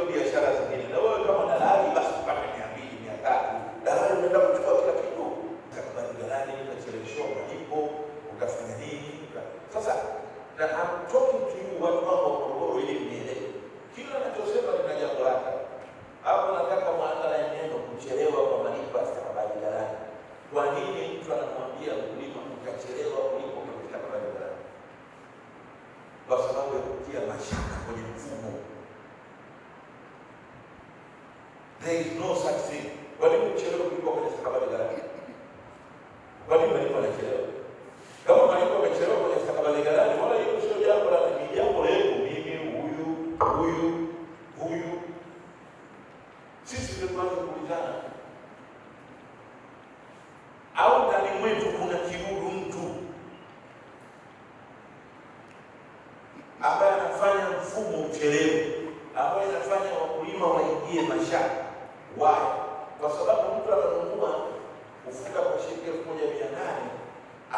hizo biashara zingine. Na wewe kama dalali basi pata mia mbili mia tatu dalali unaenda kuchukua kila kitu, kakubali dalali, ukacheleweshwa malipo, ukafanya nini? Sasa na I'm talking to you watu wangu wa Morogoro ili mnielewe, kila anachosema lina jambo lake. Hapo nataka mwangalie neno kuchelewa kwa malipo, astakabali dalali. Kwa nini mtu anamwambia mkulima ukachelewa kulipo kwa sababu ya kutia mashaka kwenye mfumo There is no such thing. kuliko kwenye stakabadhi Kama kwenye stakabadhi wala hiyo sio jambo la ni jambo letu mimi huyu huyu huyu. Sisi tumeanza kuulizana. Au ndani mwetu kuna kidudu mtu ambaye anafanya mfumo uchelewe, ambaye anafanya wakulima waingie mashamba Why? Kwa sababu mtu ananunua ufuta kwa shilingi elfu moja mia nane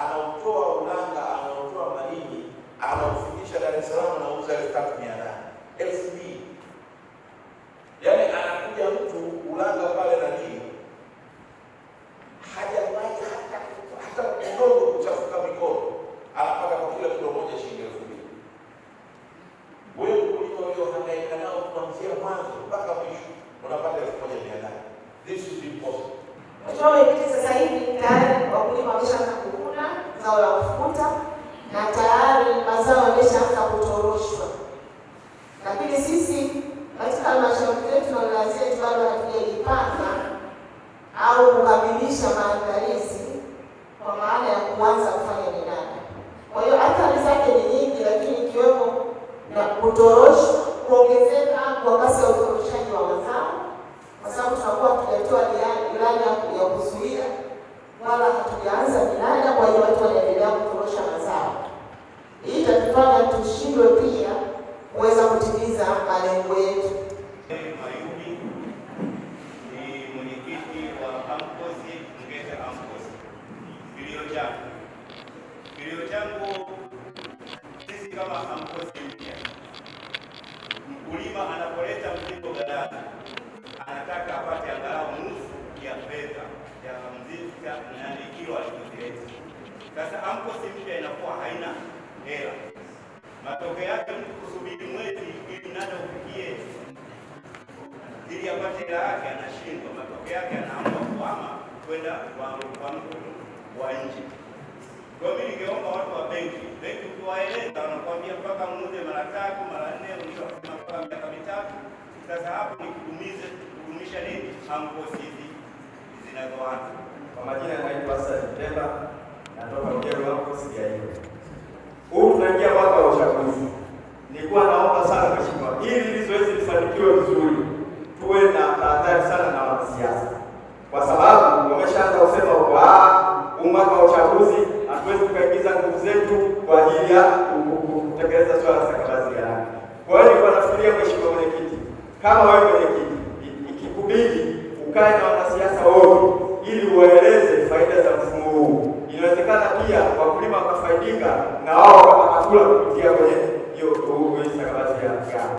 anautoa Ulanga, anautoa Malindi, anaufikisha Dar es Salaam, anauza elfu tatu mia nane elfu mbili Yaani anakuja mtu Ulanga pale na nini, hajawahi hata hata kidogo kuchafuka mikono, anapata kwa kila kilo moja shilingi elfu mbili Wewe mkulima uliohangaika nao kuanzia mwanzo mpaka unapata elfu moja mia nane. This should be Mheshimiwa Mwenyekiti, sasa hivi tayari wakulima wameshaanza kuvuna zao la ufuta na tayari mazao yameshaanza kutoroshwa, lakini sisi katika halmashauri zetu na wilaya zetu bado hatujaipanga au kukamilisha maandalizi kwa maana ya kuanza kufanya minada. Kwa hiyo athari zake ni nyingi, lakini ikiwemo na kutoroshwa, kuongezeka kwa kasi ya utoroshaji wa mazao kwa sababu tunakuwa hatujatoa ilani ya kuzuia wala hatujaanza minada, kwa hiyo watu wanaendelea kutorosha mazao. Hii itatufanya tushindwe pia kuweza kutimiza malengo yetu. Mayumi ni mwenyekiti wa AMCOS Mgeta. AMCOS, kilio changu kilio changu, sisi kama AMCOS, mkulima anapoleta mzigo ghalani kilo alikuleta. Sasa amkosi mpya inakuwa haina hela, matokeo yake mtu kusubiri mwezi ili nada ufikie ili apate hela yake anashindwa. Matokeo yake anaamua kuhama kwenda kwa mtu wa nje. Kwa mimi ningeomba watu wa benki, benki kuwaeleza wanakuambia mpaka muuze mara tatu mara nne, mwisho kusema mpaka miaka mitatu. Sasa hapo ni kudumisha nini amkosi hizi zinazoanza kwa majina yanaitwa Hassan Temba, natoka Ujeru hapo Sigairo. Huu tunaingia mwaka wa uchaguzi. Nilikuwa naomba sana mheshimiwa, ili zoezi lifanikiwe vizuri, tuwe na tahadhari sana na wanasiasa, kwa sababu wameshaanza kusema kwa mwaka wa uchaguzi hatuwezi kuingiza nguvu zetu kwa ajili ya kutekeleza swala la stakabadhi ya rangi. Kwa hiyo nilikuwa nafikiria mheshimiwa mwenyekiti, kama wewe mwenyekikubidi ukae na wanafaidika na wao wanakula kupitia kwenye hiyo stakabadhi ya